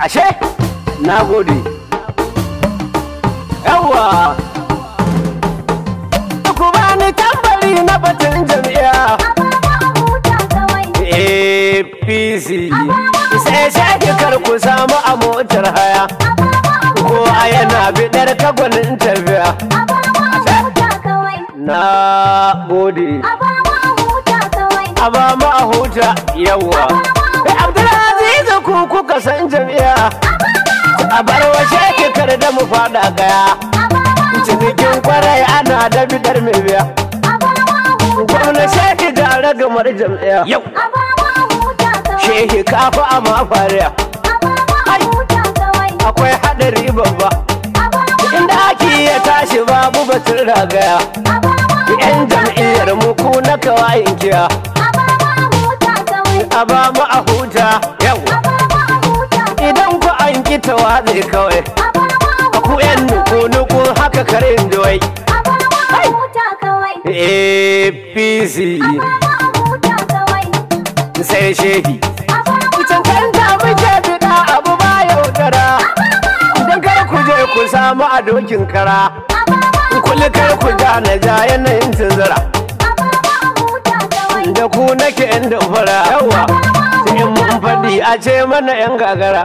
ashe na gode yawwa ku bani tambari na batun jam'iyya apc sai shaƙi kar ku samu a motar haya ko a yana biɗar kagwanin tafiya na gode a ba ma a huta yawwa da ku kuka san jami'a a bar washe ki kar da mu fada gaya cikin kwarai ana da bidar mai biya gwamna shehi da ragamar jami'a yau shehi kafa a mafariya akwai haɗari babba inda aki ya tashi babu batun ragaya yan jam'iyyar mu ku na kawai kiya a ratse kawai ku yan nuku nuku haka karin doyi APC sai shehi abu ba yaudara don kar ku je ku samu a dokin kara kulli kar ku ja na ja yanayin tunzura da ku nake yan da fara yawa sai mun faɗi a ce mana yan gagara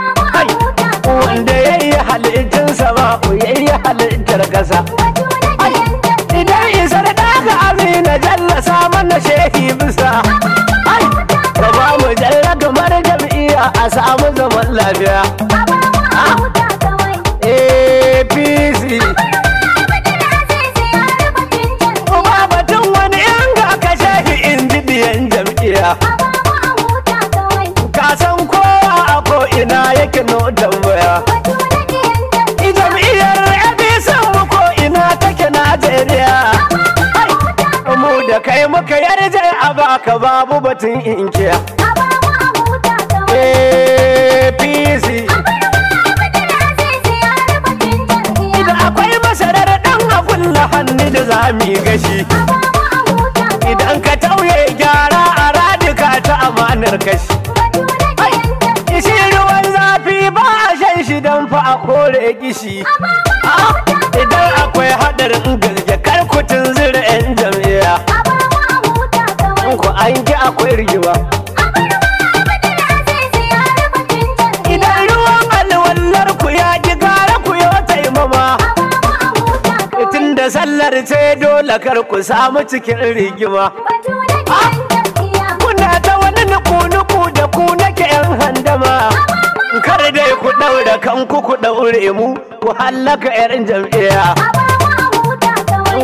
wanda ya yi halittin sama ya yi halittar ƙasa idan isar ɗaga Amina na jallasa mana shehi bisa ai ba mu jalla kamar jam'iyya a samu zaman lafiya haka babu batun inkiya APC Da eh, akwai masarar ɗan abun na hannu da za mu gashi Idan ka tauye gyara a radika ta amanar kashi Ishi ruwan zafi ba a shan shi don fa a kore gishi ah, Idan akwai haɗarin gaske kar kutun zira 'yan rigewa idan ruwan alwallar ya ji gara ku yo taimama tun da sallar ce dole kar ku samu cikin rigima kuna ta wani nuku-nuku da ku nake yan handama kar dai ku ɗaura kanku ku ɗaure mu ku hallaka 'yan jam'iyya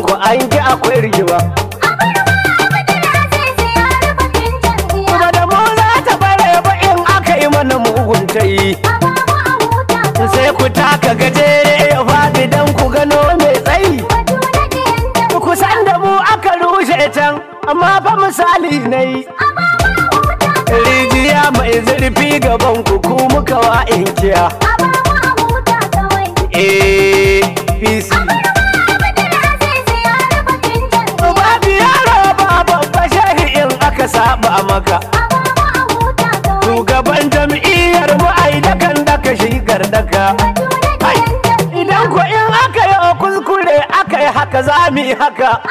ku an ki akwai rigima fita ka gajere ya faɗi don ku gano mai tsayi kusan da mu aka rushe can amma fa misali na yi rijiya mai zurfi gaban ku ku kawa inkiya. mi haka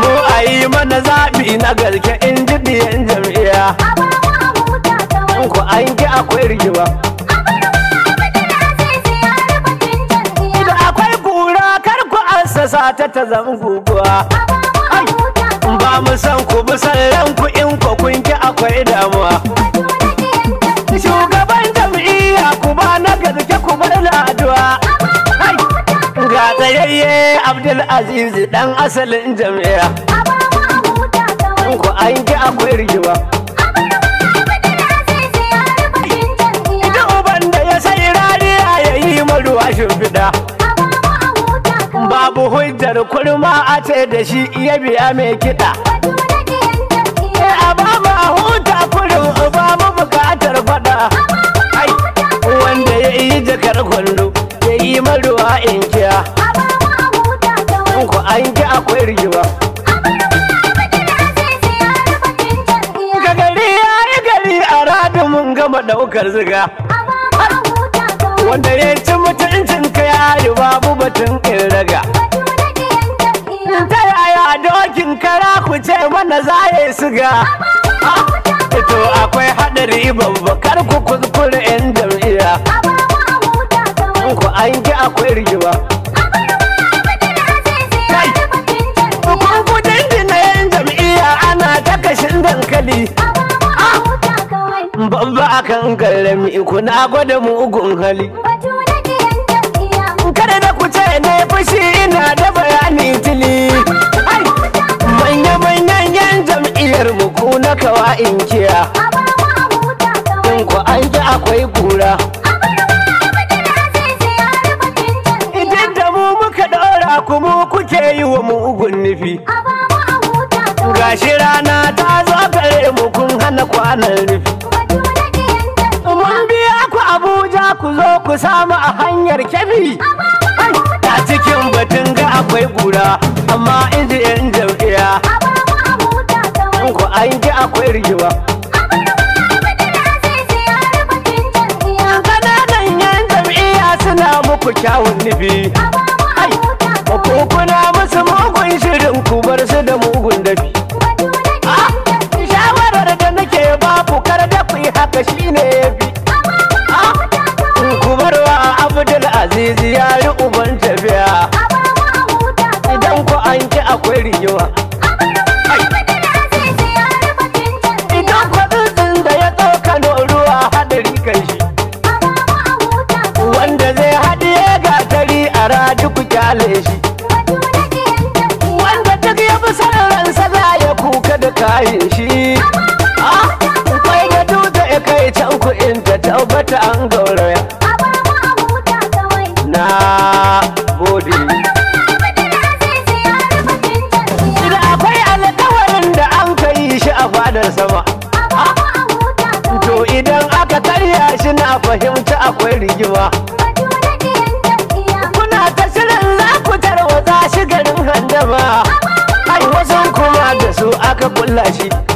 mu a yi mana zaɓi na garke in ji biyan jam'iyya ku an ki akwai rigima da akwai kura kar ku ansasa ta ta zama guguwa ba mu san ku bi san ku in ku kun ki akwai damuwa shugaban jam'iyya ku ba na garke ku bar ga tsayayye abdul aziz dan asalin jami'a ko an ki akwai rigima uban da ya babu hujjar kurma a ce da shi iya biya mai kiɗa a ba mu a huta kurin ba mu bukatar faɗa wanda ya yi jakar kwando maruwa in kiya in ku an akwai rigima ka gari ya yi gari a radumin gama ɗaukar ziga wanda ya ci mutuncin ka ya babu batun in raga ta yaya dokin kara ku ce mana za ya yi siga to akwai haɗari babba kar ku kuskure 'yan jam'iyya an ji akwai rigima. ana ta kashin dankali. Babba a kan karami kuna gwada mugun hali. Kada na kuce ne fushi ina da bayani tili. Manya-manyan yan jam'iyyar mu ku na kawa kawa'in kiya. In ku an ji akwai kura. kuma kuke yi wa mugun nufi gashi rana ta zo gare mu kun hana kwanan rufi mun biya ku abuja ku zo ku samu a hanyar kebi a cikin batun ga akwai gura amma inji yan jam'iyya ku an ji akwai rigiwa ƙananan yan jam'iyya suna muku kyawun nufi hankali ah, kwai da duda ya kai can ta tabbata an gauraya na gode da akwai alkawarin da an yi shi a fadar sama to idan aka karya shi na fahimci akwai rigima kuna ta shirin za ku tarwata shi garin handama ai wasan kuma da su aka kulla shi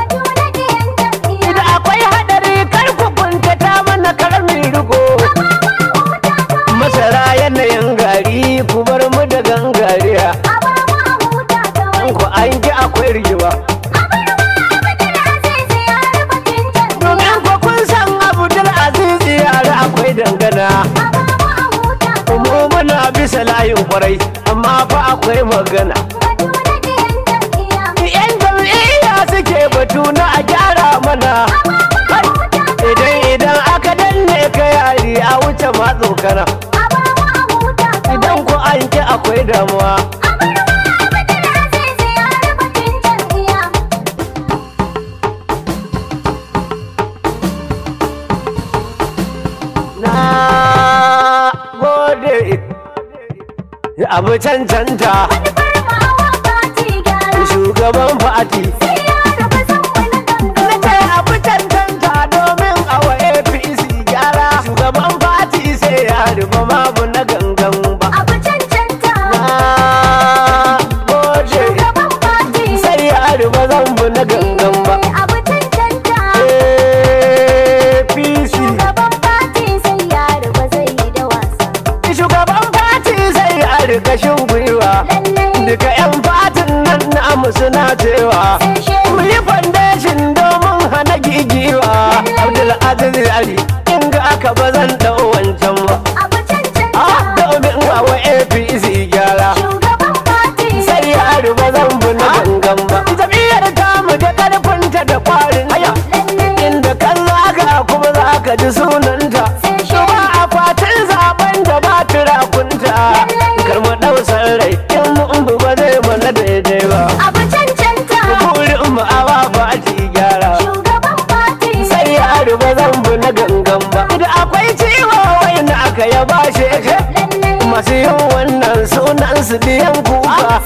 akwai magana abu cancanta shugaban fati duka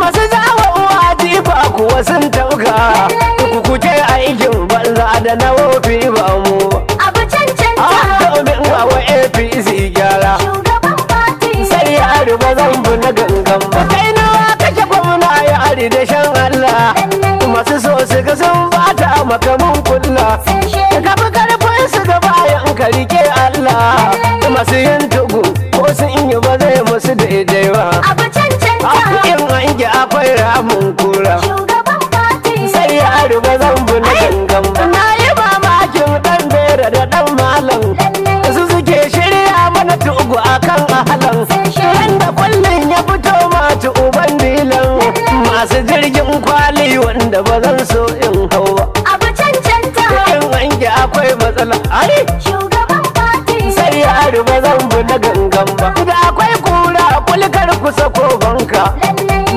masu zawa uwa jifa kuwa sun tauka ku kuke aikin banza da na wofi ba mu abu cancanta domin ga wa apc gyara sai ya ruba zan bu na gangan ba kai nawa kake gwamna ya ari da shan allah masu so su ga sun bata makamin kulla ka fi karfin su da bayan ka rike allah masu yin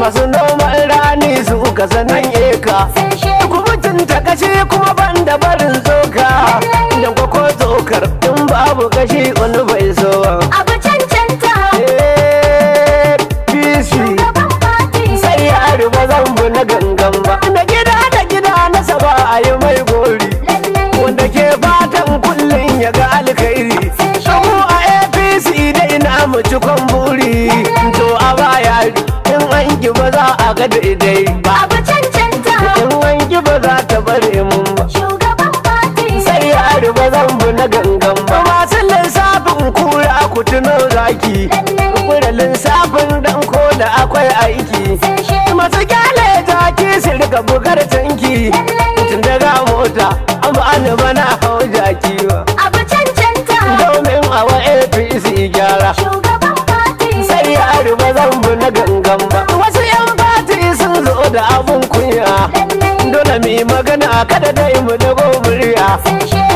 masu noman rani su uka sanin eka ku mutunta kashi kuma ban da barin zoka idan kwakwa tsokar in babu kashi wani a ga daidai ba abu cancanta in wanki ba za ta bare mun ba shugaban fati sai yari ba zan bu na gangan ba masu lissafin kura ku tuno zaki kura lissafin dan kola akwai aiki masu kyale taki su riga bugar tanki tun daga mota an ba ni ba na hau jaki ba abu cancanta domin a wa APC gyara shugaban fati sai yari ba zan bu da abun kunya dole mu yi magana kada dai mu dago murya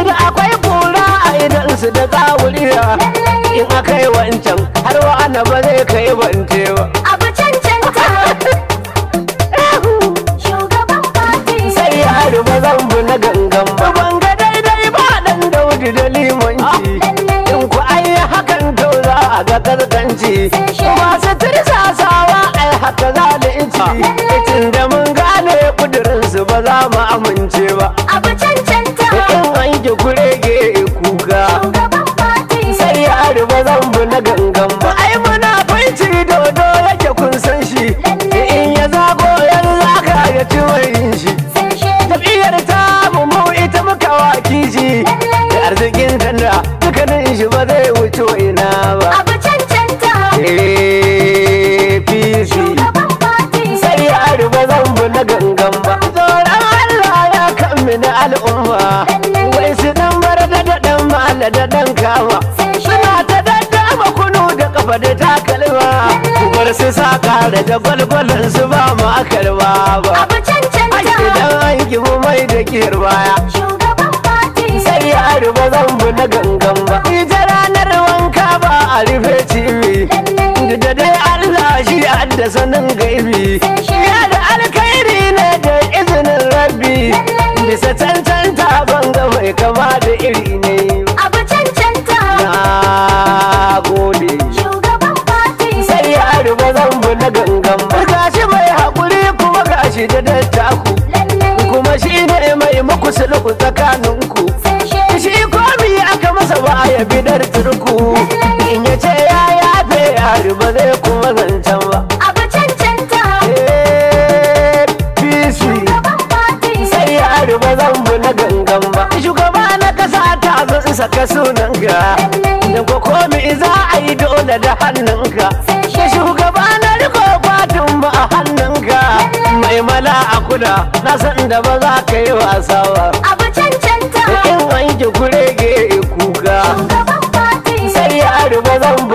in akwai kura a idan su da kawuriya in akai wancan har wa ana ba zai kai bante ba abu cancanta sai yaro ba zan bu na gangan ba ban ga daidai ba dan daudi da limanci ah. in ku ai hakan to za a ga su sa kare da gwalgwalan su ba mu akar ba ba. Abu cancanta. Idan an mai da kiyar baya. Shugaban fati. Sai ya ruba zan bu na gangan ba. Ita ranar wanka ba a rufe cibi. Da dai Allah shi haddasa nan ga hari ba zai kuma zancen ba abu cancanta eh, pc sai hari ba zan bu na gangan ba shugaba na kasa ta zan saka sunanka da ko komi za a yi dole da hannunka da shugaba na riko fatin ba a hannunka mai mala a kula na san da ba za ka yi wasa ba